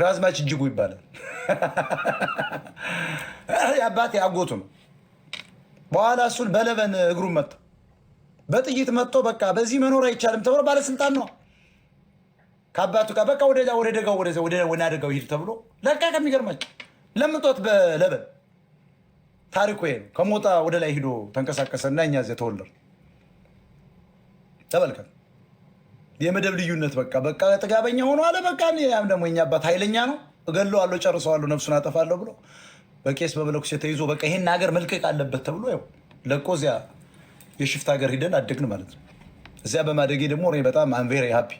ራዝማች እጅጉ ይባላል። የአባቴ አጎቱ ነው። በኋላ እሱን በለበን እግሩን መጥቶ በጥይት መጥቶ በቃ በዚህ መኖር አይቻልም ተብሎ ባለስልጣን ነው ከአባቱ ጋር በቃ ወደ ወደ ደጋው ወደ አደጋው ሂድ ተብሎ ለቃ ከሚገርማቸው ለምጦት በለበን ታሪኩ ይሄ ከሞጣ ወደ ላይ ሂዶ ተንቀሳቀሰና እኛ ዘ ተወለድን። ተበልከን የመደብ ልዩነት በቃ በቃ ጥጋበኛ ሆኖ አለ። በቃ ያም ደግሞ የኛ አባት ኃይለኛ ነው፣ እገለዋለሁ፣ ጨርሰዋለሁ፣ ነፍሱን አጠፋለሁ ብሎ በቄስ በመለኩሴ ተይዞ በቃ ይሄን ሀገር መልቀቅ አለበት ተብሎ ያው ለቆ እዚያ የሽፍት ሀገር ሂደን አደግን ማለት ነው። እዚያ በማደጌ ደግሞ እኔ በጣም አንቬሪ ሀፒ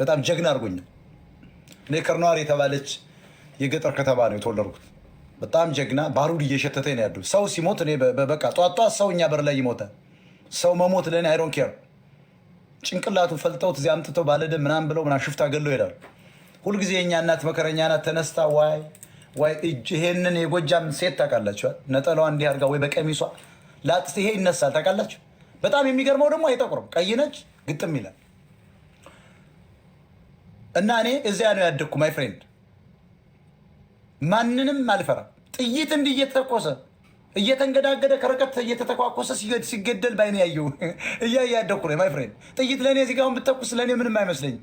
በጣም ጀግና አድርጎኛል። እኔ ከርነዋር የተባለች የገጠር ከተማ ነው የተወለድኩት። በጣም ጀግና ባሩድ እየሸተተ ነው ያሉ ሰው ሲሞት እኔ በቃ ጧጧ ሰው እኛ በር ላይ ይሞታል። ሰው መሞት ለእኔ አይዶን ኬር ጭንቅላቱ ፈልጠውት እዚህ አምጥቶ ባለደ ምናምን ብለው ምናምን ሽፍታ ገለው ይሄዳሉ። ሁልጊዜ የእኛ እናት መከረኛ ናት። ተነስታ ዋይ ዋይ እጅ ይሄንን የጎጃም ሴት ታውቃላችኋል። ነጠላዋ እንዲህ አድርጋ ወይ በቀሚሷ ላጥት ይሄ ይነሳል ታውቃላችሁ። በጣም የሚገርመው ደግሞ አይጠቁርም፣ ቀይ ነች፣ ግጥም ይላል እና እኔ እዚያ ነው ያደግኩ ማይ ፍሬንድ። ማንንም አልፈራም። ጥይት እንዲህ እየተተኮሰ እየተንገዳገደ ከርቀት እየተተኳኮሰ ሲገደል ባይነ ያየው እያ እያደኩ ነው። ማይ ፍሬንድ ጥይት ለእኔ እዚህ ጋር አሁን ብትተኩስ ለእኔ ምንም አይመስለኝ፣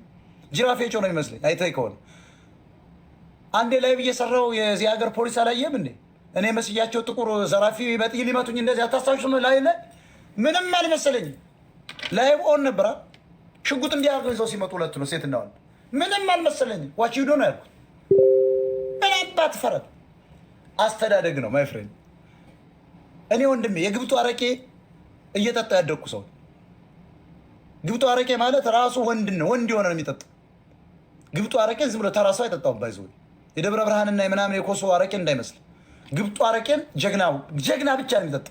ጅራፍ የጮ ነው ይመስለኝ። አይተህ ከሆነ አንዴ ላይ እየሰራው የዚህ ሀገር ፖሊስ አላየም እንዴ? እኔ መስያቸው ጥቁር ዘራፊ በጥይት ሊመቱኝ እንደዚህ አታስታውሽ ነው ላይ ምንም አልመሰለኝም። ላይቭ ኦን ነበራ። ሽጉጥ እንዲያደርገኝ ሰው ሲመጡ ሁለቱ ነው ሴት እናዋል። ምንም አልመሰለኝም። ዋች ዩዶ ነው ያልኩት። ምን አባት ፈረድ አስተዳደግ ነው ማይ ፍሬንድ እኔ ወንድሜ የግብጡ አረቄ እየጠጣ ያደግኩ ሰው። ግብጡ አረቄ ማለት ራሱ ወንድ ነው፣ ወንድ የሆነ ነው የሚጠጣው። ግብጡ አረቄ ዝም ብሎ ተራ ሰው አይጠጣውም። ባይዞ የደብረ ብርሃንና የምናምን የኮሶ አረቄ እንዳይመስል። ግብጡ አረቄን ጀግናው ጀግና ብቻ ነው የሚጠጣ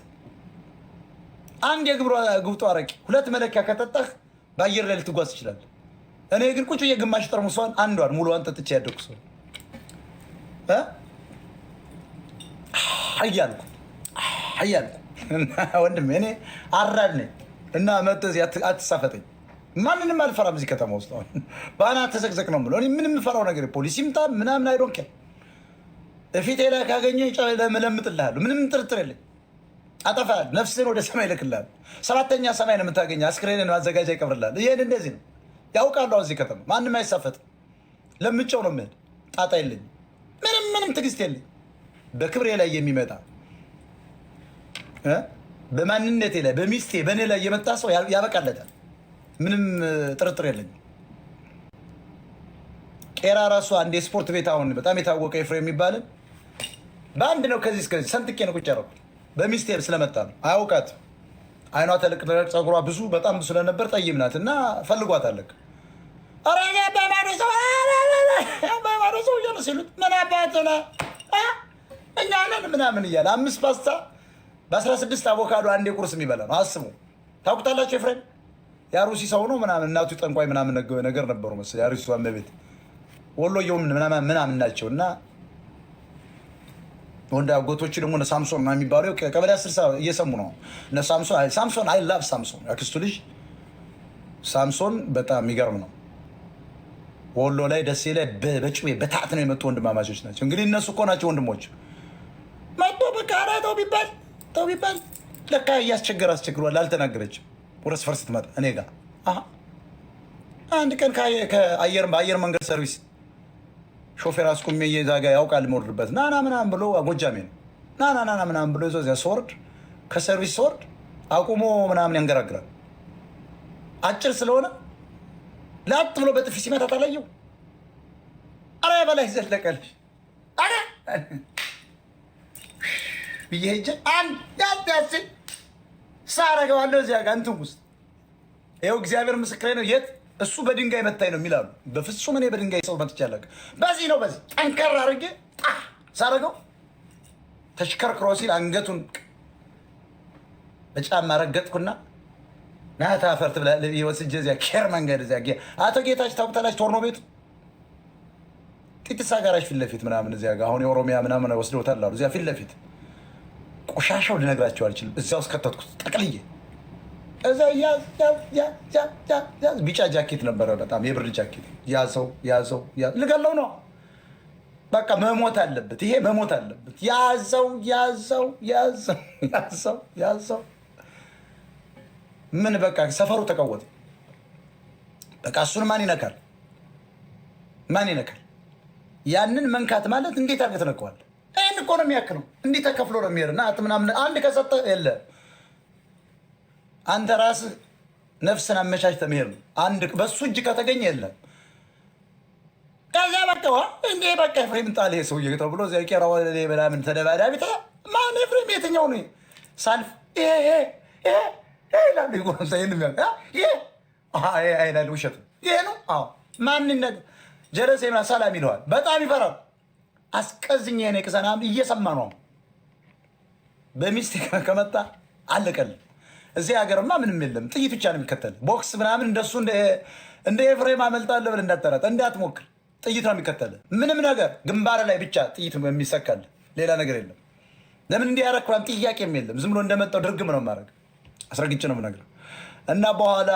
አንድ የግብጡ አረቄ ሁለት መለኪያ ከጠጣህ በአየር ላይ ልትጓዝ ትችላለህ። እኔ ግን ቁጭ የግማሽ ጠርሙሷን አንዷን ሙሉዋን ጠጥቼ ያደግኩ ሰው እያልኩ ሀያል ወንድም እኔ አራድ ነኝ እና መጥ አትሳፈጠኝ። ማንንም አልፈራም። እዚህ ከተማ ውስጥ አሁን በአናት ተዘቅዘቅ ነው የምለው። ምን የምፈራው ነገር ፖሊስ ይምጣ ምናምን አይዶንኬ እፊቴ ላይ ካገኘ ለምጥልሃለሁ። ምንም ጥርጥር የለኝ። አጠፋል ነፍስን ወደ ሰማይ ልክልሃል። ሰባተኛ ሰማይ ነው የምታገኘ። አስክሬንን ማዘጋጃ ይቀብርልሃል። ይህን እንደዚህ ነው ያውቃሉ። እዚህ ከተማ ማንም አይሳፈጥ። ለምጨው ነው የምሄድ። ጣጣ የለኝ። ምንም ምንም ትግስት የለኝ። በክብሬ ላይ የሚመጣ በማንነቴ ላይ በሚስቴ በእኔ ላይ የመጣ ሰው ያበቃለታል። ምንም ጥርጥር የለኝም። ቄራ ራሱ አንድ የስፖርት ቤት አሁን በጣም የታወቀ ፍሬ የሚባልን በአንድ ነው ከዚህ እስከዚህ ሰንጥቄ ነው ቁጭ ያረኩ። በሚስቴ ስለመጣ ነው። አያውቃት አይኗ ተለቅ ፀጉሯ ብዙ በጣም ብዙ ስለነበር ጠይም ናት እና ፈልጓት አለቅ ሲሉት ምን አባት እኛ ነን ምናምን እያለ አምስት ፓስታ በ16 አቮካዶ አንዴ ቁርስ የሚበላ ነው። አስቡ። ታውቁታላችሁ። ኤፍሬም የአሩሲ ሰው ነው ምናምን እናቱ ጠንቋይ ምናምን ነገር ነበሩ መሰለኝ የአሩሲ ሰው እመቤት ወሎየው ምናምን ናቸው እና ወንድ አጎቶች ደግሞ እነ ሳምሶን ና የሚባለው ቀበሌ አስር እየሰሙ ነው። እነ ሳምሶን ሳምሶን አይ ላቭ ሳምሶን አክስቱ ልጅ ሳምሶን በጣም የሚገርም ነው። ወሎ ላይ ደሴ ላይ በጭሜ በታት ነው የመጡ ወንድማማቾች ናቸው። እንግዲህ እነሱ እኮ ናቸው ወንድሞች መጥቶ በቃ አራተው ቢባል ተው ቢባል ለካ እያስቸገረ አስቸግሯል። አልተናገረችም። ወደ ሰፈር ስትመጣ እኔ ጋ አንድ ቀን ከአየር በአየር መንገድ ሰርቪስ ሾፌር አስቁሜ እየዛጋ ያውቃል የምወርድበት ናና ምናምን ብሎ ጎጃሜ ነው ናና ናና ምናምን ብሎ ይዞ እዚያ ስወርድ ከሰርቪስ ስወርድ አቁሞ ምናምን ያንገራግራል። አጭር ስለሆነ ለአት ብሎ በጥፊ ሲመታት አላየው። አረ በላይ ዘለቀልሽ አረ ብዬ ሄጄ አንድ ያት ሳረገዋለሁ እዚያ ጋር እንትን ውስጥ ይኸው እግዚአብሔር ምስክሬ ነው። የት እሱ በድንጋይ መታኝ ነው የሚላሉ። በፍጹም እኔ በድንጋይ ሰው መጥቼ አላውቅም። በዚህ ነው በዚህ ጠንከር አድርጌ ጣ ሳረገው ተሽከርክሮ ሲል አንገቱን በጫማ ረገጥኩና ናታ ፈርት ወስጄ እዚያ ኬር መንገድ እዚያ አቶ ጌታች ታውቁታላችሁ፣ ቶርኖ ቤቱ ጢጥሳ ጋራጅ ፊት ለፊት ምናምን እዚያ ጋር አሁን የኦሮሚያ ምናምን ወስደውታል አሉ እዚያ ፊት ለፊት ቆሻሻው ልነግራቸው አልችልም። እዛ ውስጥ ከተትኩት ጠቅልዬ። እዛ ያዝ ቢጫ ጃኬት ነበረ፣ በጣም የብር ጃኬት። ያዘው ያዘው፣ ልገለው ነው በቃ መሞት አለበት፣ ይሄ መሞት አለበት። ያዘው ያዘው ያዘው ያዘው ያዘው። ምን በቃ ሰፈሩ ተቀወጠ። በቃ እሱን ማን ይነካል? ማን ይነካል? ያንን መንካት ማለት እንዴት አድርገህ ትነካዋለህ? እኮ ነው የሚያክለው። እንዲህ ተከፍሎ ነው የሚሄድ እና ምናምን አንድ ከሰጠ የለ አንተ ራስህ ነፍስን አመቻችተህ መሄድ ነው። አንድ በሱ እጅ ከተገኘ የለም። ከዛ በቃ እንዴ በቃ ኤፍሬም ጣል ሰውዬ ተብሎ ቄራ ምናምን ተደባዳቢ ማን ፍሬም የትኛው ነው ሳልፍ ይሄ ይሄ ይሄ ነው ማንነት ጀለሴ ምናምን ሰላም ይለዋል። በጣም ይፈራል። አስቀዝኝ ኔ ቅሰና እየሰማ ነው። በሚስት ከመጣ አለቀል። እዚህ ሀገርማ ምንም የለም፣ ጥይት ብቻ ነው የሚከተል። ቦክስ ምናምን እንደሱ እንደ ኤፍሬም አመልጣለሁ ብለህ እንዳጠረጠ እንዳትሞክር። ጥይት ነው የሚከተል። ምንም ነገር ግንባር ላይ ብቻ ጥይት የሚሰካል፣ ሌላ ነገር የለም። ለምን እንዲህ ያደረክ ጥያቄም የለም። ዝም ብሎ እንደመጣው ድርግም ነው ማድረግ። አስረግጭ ነው ነገር እና በኋላ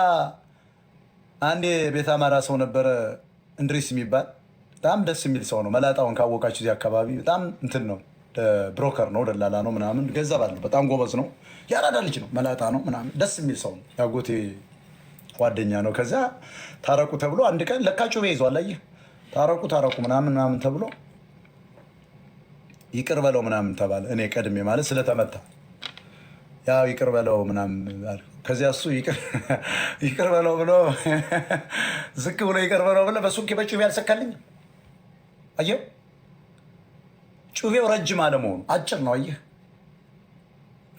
አንድ ቤት አማራ ሰው ነበረ እንድሪስ የሚባል በጣም ደስ የሚል ሰው ነው። መላጣውን ካወቃችሁ እዚህ አካባቢ በጣም እንትን ነው፣ ብሮከር ነው፣ ደላላ ነው ምናምን ገንዘብ አለ። በጣም ጎበዝ ነው። ያራዳ ልጅ ነው፣ መላጣ ነው ምናምን ደስ የሚል ሰው ነው። ያጎቴ ጓደኛ ነው። ከዚያ ታረቁ ተብሎ አንድ ቀን ለካ ጩቤ ይዟል። አየህ፣ ታረቁ ታረቁ ምናምን ምናምን ተብሎ ይቅር በለው ምናምን ተባለ። እኔ ቀድሜ ማለት ስለተመታ ያው ይቅር በለው ምናምን ከዚያ እሱ ይቅር በለው ብሎ ዝቅ ብሎ ይቅር በለው ብሎ በሱ ኪበጩ ያልሰካልኝ አየው ጩቤው ረጅም አለመሆኑ አጭር ነው። አየህ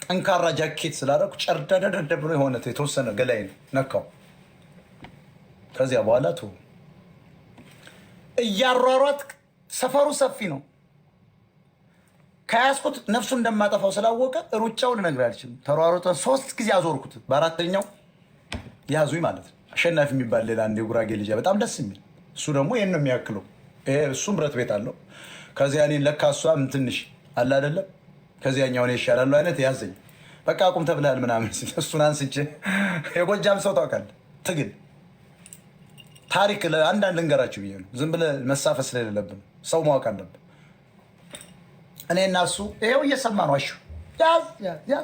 ጠንካራ ጃኬት ስላደረኩ ጨርዳዳዳዳ ብሎ የሆነ የተወሰነ ገላይ ነው ነካው። ከዚያ በኋላ ቱ እያሯሯት ሰፈሩ ሰፊ ነው። ከያዝኩት ነፍሱ እንደማጠፋው ስላወቀ ሩጫው ልነግር አልችልም። ተሯሯጠን ሶስት ጊዜ አዞርኩት። በአራተኛው ያዙኝ ማለት ነው። አሸናፊ የሚባል ሌላ አንድ የጉራጌ ልጅ በጣም ደስ የሚል እሱ ደግሞ ይህን ነው የሚያክለው እሱም ብረት ቤት አለው። ከዚያ እኔን ለካ እሷም ትንሽ አለ አይደለም ከዚያኛው እኔ ይሻላሉ አይነት ያዘኝ። በቃ አቁም ተብላል ምናምን እሱን አንስቼ የጎጃም ሰው ታውቃል። ትግል ታሪክ አንዳንድ ልንገራችሁ ብዬ ነው። ዝም ብለህ መሳፈስ ስለሌለብን ሰው ማወቅ አለብን። እኔ እና እሱ ይኸው እየሰማ ነው። አሹ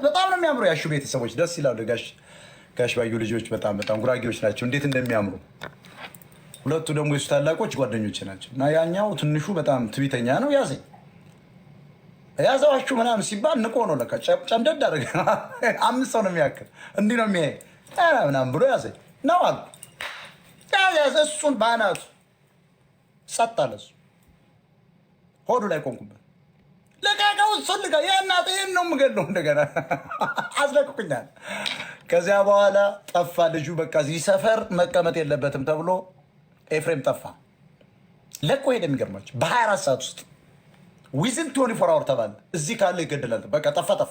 በጣም ነው የሚያምሩ የአሹ ቤተሰቦች፣ ደስ ይላሉ። ጋሽ ባዩ ልጆች በጣም በጣም ጉራጌዎች ናቸው። እንዴት እንደሚያምሩ ሁለቱ ደግሞ የሱ ታላቆች ጓደኞች ናቸው እና ያኛው ትንሹ በጣም ትቢተኛ ነው። ያዘኝ ያዘዋችሁ ምናምን ሲባል ንቆ ነው ለካ ጨምደድ አደረገ። አምስት ሰው ነው የሚያክል እንዲህ ነው የሚያ ምናምን ብሎ ያዘኝ ነው አሉ። እሱን በአናቱ ጸጥ አለ። እሱ ሆዱ ላይ ቆንኩበት። ልቀቀው፣ እሱን ልቀ የእናት ይህን ነው የምገለው። እንደገና አስለቅቁኛል። ከዚያ በኋላ ጠፋ ልጁ። በቃ እዚህ ሰፈር መቀመጥ የለበትም ተብሎ ኤፍሬም ጠፋ ለቆ ሄደ። የሚገርማቸው በ24 ሰዓት ውስጥ ዊዝን ቶኒ ፎር አወር ተባለ። እዚህ ካለ ይገድላል። በቃ ጠፋ ጠፋ